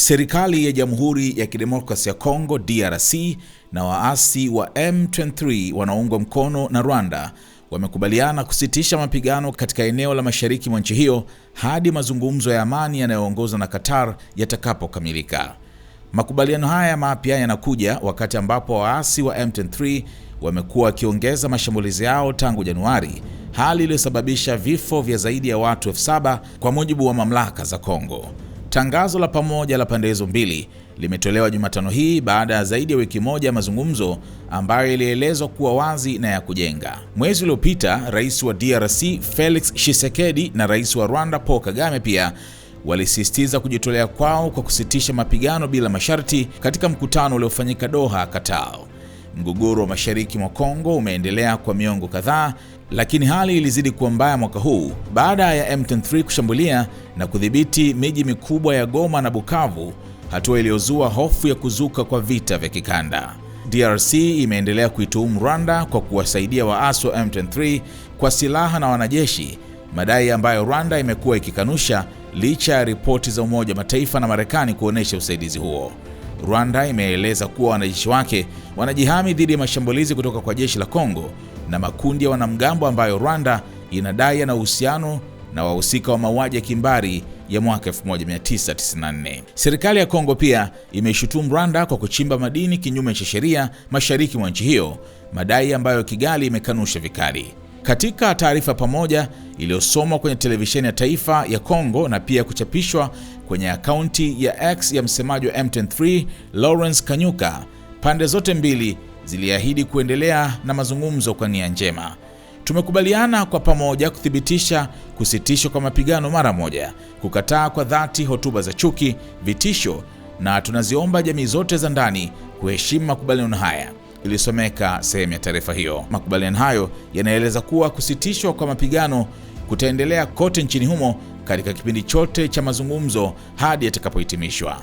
Serikali ya Jamhuri ya Kidemokrasi ya Kongo DRC na waasi wa M23 wanaoungwa mkono na Rwanda wamekubaliana kusitisha mapigano katika eneo la mashariki mwa nchi hiyo hadi mazungumzo ya amani yanayoongozwa na Qatar yatakapokamilika. Makubaliano haya mapya yanakuja wakati ambapo waasi wa M23 wamekuwa wakiongeza mashambulizi yao tangu Januari, hali iliyosababisha vifo vya zaidi ya watu elfu saba kwa mujibu wa mamlaka za Kongo. Tangazo la pamoja la pande hizo mbili limetolewa Jumatano hii baada ya zaidi ya wiki moja ya mazungumzo ambayo ilielezwa kuwa wazi na ya kujenga. Mwezi uliopita, Rais wa DRC Felix Tshisekedi na Rais wa Rwanda Paul Kagame pia walisisitiza kujitolea kwao kwa kusitisha mapigano bila masharti katika mkutano uliofanyika Doha, Qatar. Mgogoro wa mashariki mwa Kongo umeendelea kwa miongo kadhaa lakini hali ilizidi kuwa mbaya mwaka huu baada ya M23 kushambulia na kudhibiti miji mikubwa ya Goma na Bukavu, hatua iliyozua hofu ya kuzuka kwa vita vya kikanda. DRC imeendelea kuituhumu Rwanda kwa kuwasaidia waasi wa M23 kwa silaha na wanajeshi, madai ambayo Rwanda imekuwa ikikanusha licha ya ripoti za Umoja wa Mataifa na Marekani kuonyesha usaidizi huo. Rwanda imeeleza kuwa wanajeshi wake wanajihami dhidi ya mashambulizi kutoka kwa jeshi la Kongo na makundi ya wanamgambo ambayo Rwanda inadai yana uhusiano na wahusika wa mauaji ya kimbari ya mwaka 1994. Serikali ya Kongo pia imeishutumu Rwanda kwa kuchimba madini kinyume cha sheria mashariki mwa nchi hiyo, madai ambayo Kigali imekanusha vikali. Katika taarifa pamoja iliyosomwa kwenye televisheni ya taifa ya Kongo na pia kuchapishwa kwenye akaunti ya X ya msemaji wa M23 Lawrence Kanyuka, pande zote mbili ziliahidi kuendelea na mazungumzo kwa nia njema. Tumekubaliana kwa pamoja kuthibitisha kusitishwa kwa mapigano mara moja, kukataa kwa dhati hotuba za chuki, vitisho na tunaziomba jamii zote za ndani kuheshimu makubaliano haya, ilisomeka sehemu ya taarifa hiyo. Makubaliano hayo yanaeleza kuwa kusitishwa kwa mapigano kutaendelea kote nchini humo katika kipindi chote cha mazungumzo hadi yatakapohitimishwa.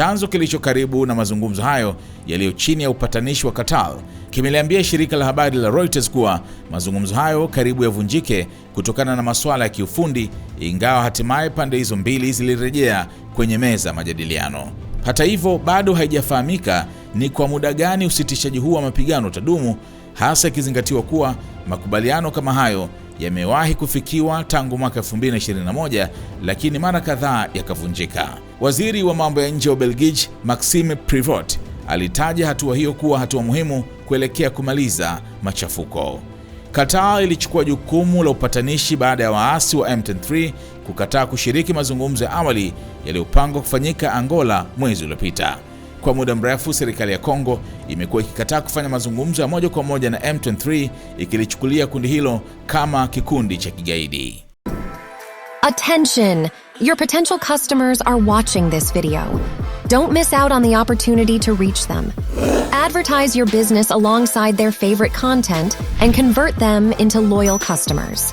Chanzo kilicho karibu na mazungumzo hayo yaliyo chini ya upatanishi wa Qatar kimeliambia shirika la habari la Reuters kuwa mazungumzo hayo karibu yavunjike kutokana na masuala ya kiufundi, ingawa hatimaye pande hizo mbili zilirejea kwenye meza majadiliano. Hata hivyo, bado haijafahamika ni kwa muda gani usitishaji huu wa mapigano utadumu, hasa ikizingatiwa kuwa makubaliano kama hayo yamewahi kufikiwa tangu mwaka 2021 lakini mara kadhaa yakavunjika. Waziri wa mambo ya nje wa Ubelgiji, Maxime Prevot, alitaja hatua hiyo kuwa hatua muhimu kuelekea kumaliza machafuko. Qatar ilichukua jukumu la upatanishi baada ya waasi wa M23 kukataa kushiriki mazungumzo ya awali yaliyopangwa kufanyika Angola mwezi uliopita. Kwa muda mrefu serikali ya Kongo imekuwa ikikataa kufanya mazungumzo ya moja kwa moja na M23 ikilichukulia kundi hilo kama kikundi cha kigaidi. Attention, your potential customers are watching this video. Don't miss out on the opportunity to reach them. Advertise your business alongside their favorite content and convert them into loyal customers.